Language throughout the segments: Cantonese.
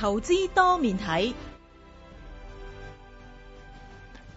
投資多面睇。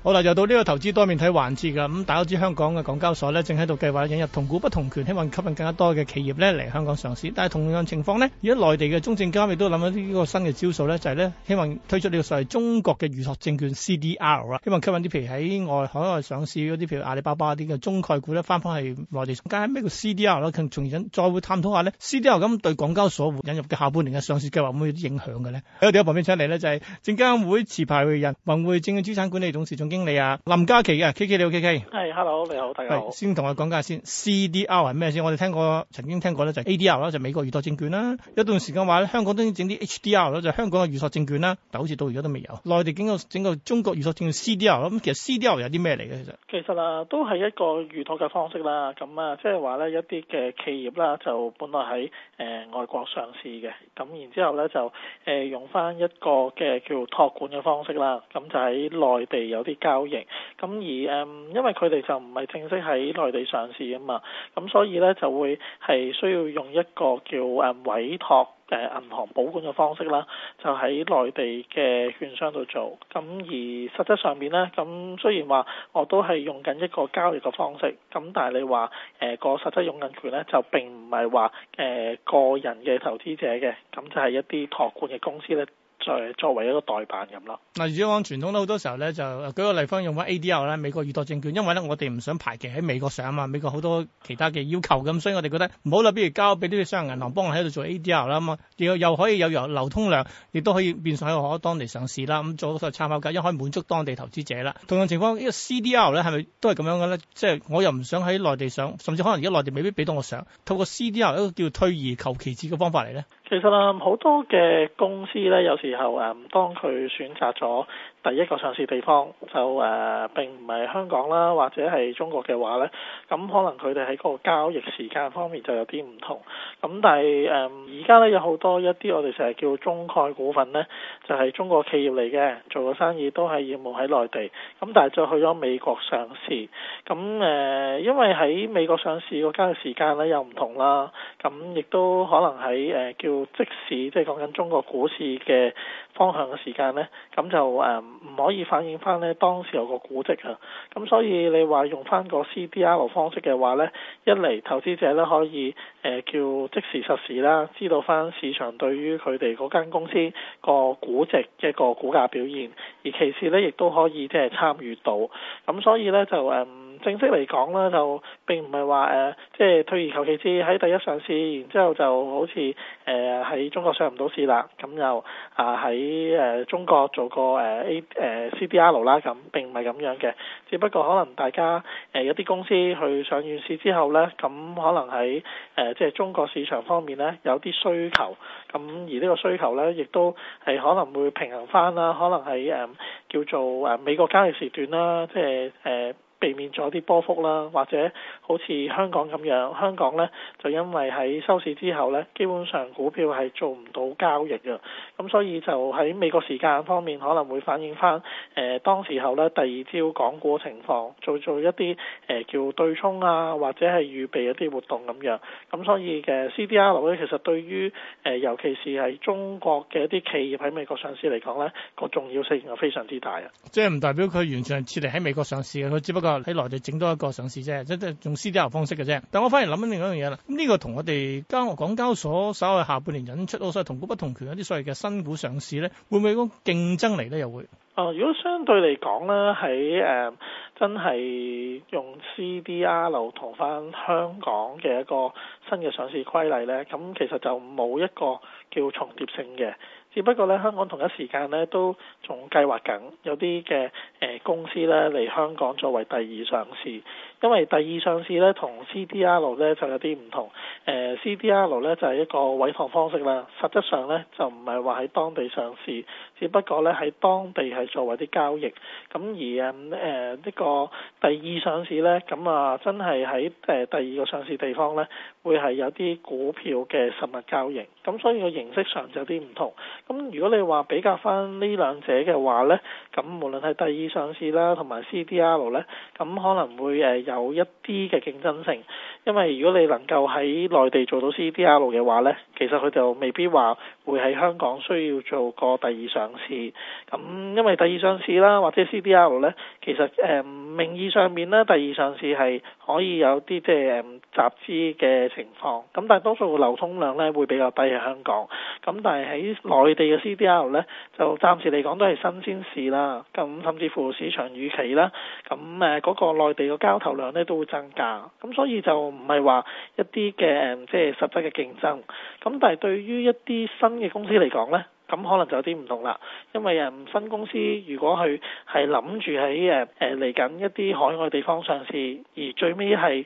好啦，又到呢個投資多面睇環節噶，咁，大家知香港嘅港交所咧，正喺度計劃引入同股不同權，希望吸引更加多嘅企業咧嚟香港上市。但係同樣情況咧，而家內地嘅中證監亦都諗一呢個新嘅招數咧，就係、是、咧希望推出呢個所謂中國嘅預託證券 C D R 啊，希望吸引啲譬如喺外海外上市嗰啲譬如阿里巴巴啲嘅中概股咧，翻翻去內地。但係，咩叫 C D R 咧？重而再會探討下咧，C D R 咁對港交所引入嘅下半年嘅上市計劃會唔會有啲影響嘅咧。喺我哋嘅旁邊請嚟咧，就係證監會持牌會人、宏匯證券資產管理董事總經理啊，林嘉麒嘅 K K 你好 K K，係、hey，hello 你好，大家好。先同我講下先，C D R 係咩先？我哋聽過，曾經聽過咧就係 A D R 啦，就美國預託證券啦。有段時間話咧，香港都整啲 H D R 啦，就香港嘅預託證券啦。但好似到而家都未有，內地整個整個中國預託證券 C D R。咁其實 C D R 有啲咩嚟嘅其實？其實啊，都係一個預託嘅方式啦。咁啊，即係話咧一啲嘅企業啦，就本來喺誒、呃、外國上市嘅，咁然之後咧就誒、呃、用翻一個嘅叫託管嘅方式啦。咁就喺內地有啲。交易咁而誒、嗯，因為佢哋就唔係正式喺內地上市啊嘛，咁所以呢就會係需要用一個叫誒委託誒銀行保管嘅方式啦，就喺內地嘅券商度做。咁而實質上面呢，咁雖然話我都係用緊一個交易嘅方式，咁但係你話誒個實質擁有權呢，就並唔係話誒個人嘅投資者嘅，咁就係一啲託管嘅公司呢，就作為一個代辦人啦。嗱，如果講傳統咧，好多時候咧就舉個例方用翻 A D R 咧，美國預託證券。因為咧我哋唔想排期喺美國上啊嘛，美國好多其他嘅要求咁，所以我哋覺得唔好啦，比如交俾啲商業銀行幫我喺度做 A D R 啦嘛，又又可以有流通量，亦都可以變相喺我當地上市啦。咁做好個參考價，一可以滿足當地投資者啦。同樣情況，呢個 C D R 咧係咪都係咁樣嘅咧？即係我又唔想喺內地上，甚至可能而家內地未必俾到我上。透過 C D R 一個叫退而求其次嘅方法嚟咧。其實啊，好多嘅公司咧，有時然後，誒，當佢選擇咗第一個上市地方就誒、呃、並唔係香港啦，或者係中國嘅話呢，咁、嗯、可能佢哋喺嗰個交易時間方面就有啲唔同。咁、嗯、但係誒而家呢，有好多一啲我哋成日叫中概股份呢，就係、是、中國企業嚟嘅，做嘅生意都係業務喺內地。咁、嗯、但係就去咗美國上市，咁、嗯、誒、呃、因為喺美國上市個交易時間呢，又唔同啦。咁、嗯、亦都可能喺誒、呃、叫即市，即係講緊中國股市嘅方向嘅時間呢，咁就誒。嗯唔可以反映翻呢，當時有個估值啊，咁所以你話用翻個 CDR 方式嘅話呢，一嚟投資者呢，可以誒、呃、叫即時實時啦，知道翻市場對於佢哋嗰間公司個估值，一個股價表現，而其次呢，亦都可以即係參與到，咁所以呢，就誒。呃正式嚟講咧，就並唔係話誒，即係退而求其次喺第一上市，然之後就好似誒喺中國上唔到市啦，咁又啊喺誒中國做個誒 A、啊啊、CDR 啦，咁、啊、並唔係咁樣嘅。只不過可能大家誒、啊、有啲公司去上完市之後呢，咁可能喺誒即係中國市場方面呢，有啲需求，咁、啊、而呢個需求呢，亦都係可能會平衡返啦，可能係誒、啊、叫做誒、啊、美國交易時段啦，即係誒。就是啊避免咗啲波幅啦，或者好似香港咁樣。香港呢，就因為喺收市之後呢，基本上股票係做唔到交易嘅，咁所以就喺美國時間方面可能會反映翻，誒、呃、當時候呢第二朝港股情況做做一啲誒、呃、叫對沖啊，或者係預備一啲活動咁樣，咁所以嘅 CDR 咧其實對於誒、呃、尤其是係中國嘅一啲企業喺美國上市嚟講，呢個重要性係非常之大啊，即係唔代表佢完全係撤離喺美國上市嘅，佢只不過。喺內地整多一個上市啫，即係用 C D R 方式嘅啫。但我反而諗緊另一樣嘢啦。咁、這、呢個同我哋交港交所稍為下半年引出我所謂同股不同權一啲所謂嘅新股上市咧，會唔會嗰個競爭嚟咧？又會？哦，如果相對嚟講咧，喺誒、嗯、真係用 CDR 同翻香港嘅一個新嘅上市規例呢，咁其實就冇一個叫重疊性嘅，只不過呢，香港同一時間呢都仲計劃緊有啲嘅誒公司呢嚟香港作為第二上市，因為第二上市呢同 CDR 呢就有啲唔同，誒、呃、CDR 呢就係、是、一個委託方式啦，實質上呢就唔係話喺當地上市，只不過呢喺當地係作為啲交易，咁而誒呢、呃，呢個第二上市咧，咁啊真係喺誒第二個上市地方咧。會係有啲股票嘅實物交易，咁所以個形式上就有啲唔同。咁如果你話比較翻呢兩者嘅話呢，咁無論係第二上市啦，同埋 CDR 呢，咁可能會誒有一啲嘅競爭性，因為如果你能夠喺內地做到 CDR 嘅話呢，其實佢就未必話會喺香港需要做個第二上市。咁因為第二上市啦，或者 CDR 呢，其實誒、呃、名義上面呢，第二上市係可以有啲即係集資嘅。情況咁，但係多數流通量咧會比較低喺香港。咁但係喺內地嘅 CDR 咧，就暫時嚟講都係新鮮事啦。咁甚至乎市場預期啦，咁誒嗰個內地嘅交投量咧都會增加。咁所以就唔係話一啲嘅即係實質嘅競爭。咁但係對於一啲新嘅公司嚟講咧。咁可能就有啲唔同啦，因為人分公司如果佢係諗住喺誒誒嚟緊一啲海外地方上市，而最尾係誒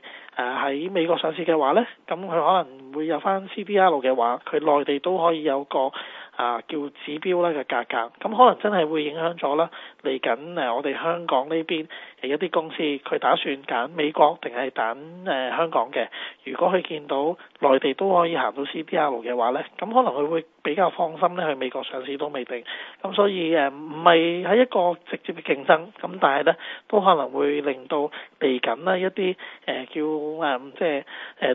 喺美國上市嘅話咧，咁佢可能會有翻 CDR 嘅話，佢內地都可以有個。啊，叫指標咧嘅價格，咁、嗯、可能真係會影響咗啦，嚟緊誒我哋香港呢邊誒一啲公司，佢打算揀美國定係揀誒香港嘅。如果佢見到內地都可以行到 C D R 嘅話咧，咁、嗯、可能佢會比較放心咧去美國上市都未定。咁、嗯、所以誒唔係喺一個直接嘅競爭，咁但係咧都可能會令到嚟緊咧一啲誒、呃、叫誒、呃、即係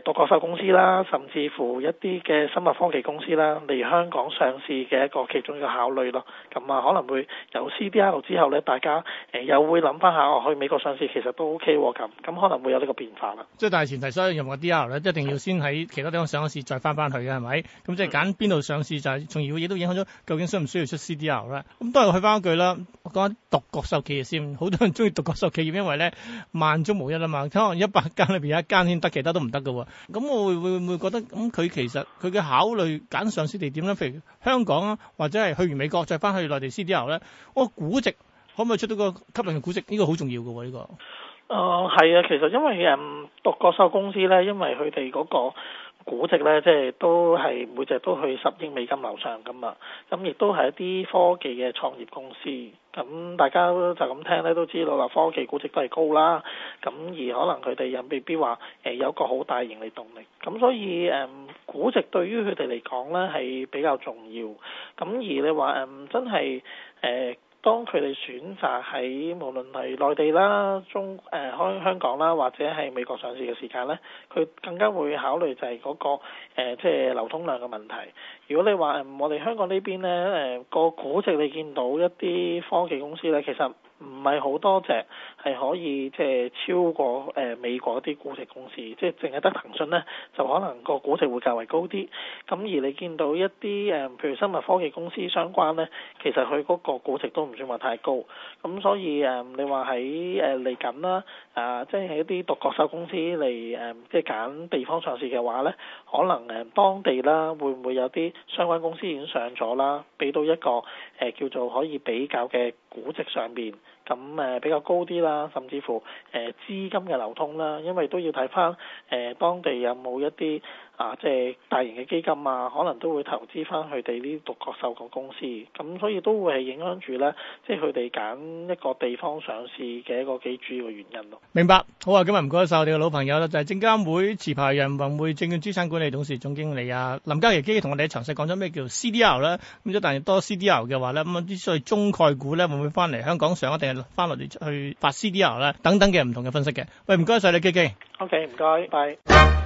誒獨角獸公司啦，甚至乎一啲嘅生物科技公司啦嚟香港上市。嘅一個其中一個考慮咯，咁啊可能會有 CDR 之後咧，大家誒、呃、又會諗翻下，我、哦、去美國上市其實都 OK 喎，咁咁可能會有呢個變化啦。即係大前提，所有任何 DR 咧，一定要先喺其他地方上市再，再翻翻去嘅係咪？咁即係揀邊度上市就係重要嘅嘢，嗯、都影響咗究竟需唔需要出 CDR 啦。咁都係去翻一句啦，我講獨角獸企業先，好多人中意獨角獸企業，因為咧萬中無一啊嘛，可能一百間裏邊有一間先得，其他都唔得嘅喎。咁我會會唔會覺得咁佢其實佢嘅考慮揀上市地點咧，譬如香，香港啊，或者係去完美國再翻去內地 CDR 呢、哦，個估值可唔可以出到個吸引嘅估值？呢個好重要嘅喎，呢、這個。誒係啊，其實因為誒獨角獸公司呢，因為佢哋嗰個估值呢，即係都係每隻都去十億美金樓上咁嘛。咁、嗯、亦都係一啲科技嘅創業公司。咁、嗯、大家就咁聽呢，都知道啦，科技估值都係高啦。咁、嗯、而可能佢哋又未必話誒、呃、有個好大盈利動力。咁、嗯、所以誒。嗯估值對於佢哋嚟講呢係比較重要，咁而你話誒真係誒、呃、當佢哋選擇喺無論係內地啦、中誒開、呃、香港啦或者係美國上市嘅時間呢，佢更加會考慮就係嗰、嗰個、呃、即係流通量嘅問題。如果你話誒、呃、我哋香港邊呢邊呢誒個估值你見到一啲科技公司呢，其實。唔係好多隻係可以即係超過誒、呃、美國啲估值公司，即係淨係得騰訊呢，就可能個估值會較為高啲。咁而你見到一啲誒、呃，譬如生物科技公司相關呢，其實佢嗰個估值都唔算話太高。咁所以誒、呃，你話喺誒嚟緊啦，啊、呃，即係喺一啲獨角獸公司嚟誒、呃，即係揀地方上市嘅話呢，可能誒、呃、當地啦，會唔會有啲相關公司已經上咗啦，俾到一個誒、呃、叫做可以比較嘅估值上邊？咁誒、嗯、比較高啲啦，甚至乎誒、呃、資金嘅流通啦，因為都要睇翻誒當地有冇一啲。啊，即係大型嘅基金啊，可能都會投資翻佢哋啲獨角獸個公司，咁所以都會係影響住咧，即係佢哋揀一個地方上市嘅一個幾主要嘅原因咯、啊。明白，好啊，今日唔該晒我哋嘅老朋友啦，就係證監會持牌人宏匯證券資產管理董事總經理啊，林嘉麒基同我哋詳細講咗咩叫 C D R 咧，咁一但係多 C D R 嘅話咧，咁啲所謂中概股咧會唔會翻嚟香港上，一定係翻落嚟去發 C D R 咧？等等嘅唔同嘅分析嘅。喂，唔該晒你基基。O K，唔該、okay，拜。